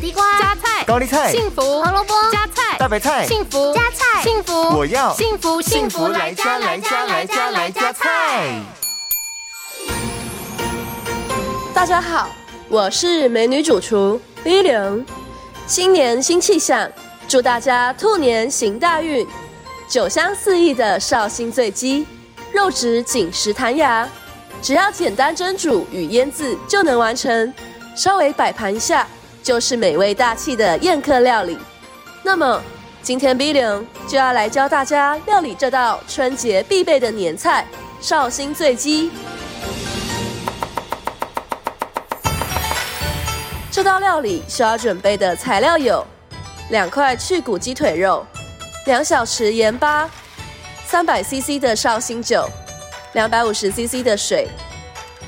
地瓜加菜，高麗菜，幸福；紅蘿蔔，加菜，大白菜，幸福；加菜，幸福。我要幸福，幸福來加，來加，來加，來加來菜。大家好，我是美女主廚 Vivian。新年新氣象，祝大家兔年行大運。酒香四溢的紹興醉雞，肉質緊實彈牙，只要簡單蒸煮與醃漬就能完成，稍微擺盤一下，就是美味大器的宴客料理。那麼，今天 Billion 就要來教大家料理這道春節必備的年菜——紹興醉雞。這道料理需要準備的材料有：兩塊去骨雞腿肉，兩小匙鹽巴，三百 CC 的紹興酒，兩百五十 CC 的水，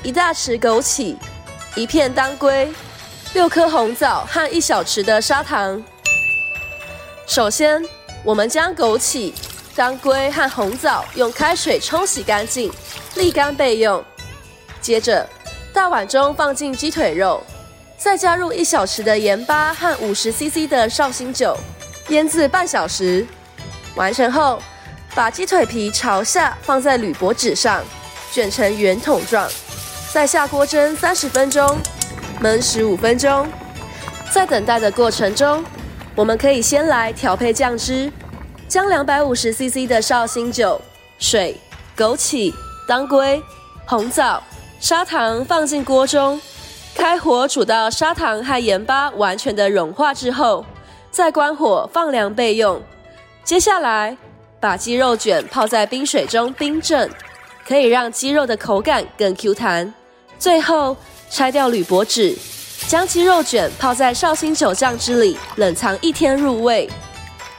一大匙枸杞，一片當歸。六顆紅棗和一小匙的砂糖。首先，我們將枸杞、當歸和紅棗用開水沖洗乾淨，瀝乾備用。接着，大碗中放進雞腿肉，再加入一小匙的鹽巴和五十 CC 的紹興酒，醃漬半小時。完成後，把雞腿皮朝下放在鋁箔紙上，捲成圓筒狀，再下鍋蒸三十分鐘。燜十五分鐘，在等待的過程中，我們可以先來調配醬汁，將兩百五十 CC 的紹興酒、水、枸杞、當歸、紅棗、砂糖放進鍋中，開火煮到砂糖和鹽巴完全的融化之後，再關火放涼備用。接下來，把雞肉卷泡在冰水中冰鎮，可以讓雞肉的口感更 Q 彈。最後，拆掉鋁箔紙，將雞肉卷泡在紹興酒醬汁裡，冷藏一天入味。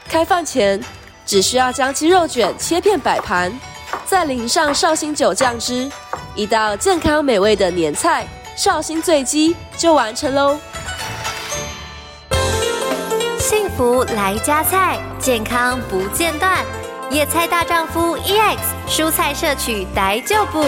開飯前，只需要將雞肉卷切片擺盤，再淋上紹興酒醬汁，一道健康美味的年菜——紹興醉雞就完成嘍。幸福來家菜，健康不間斷。野菜大丈夫 EX，蔬菜攝取逮就補。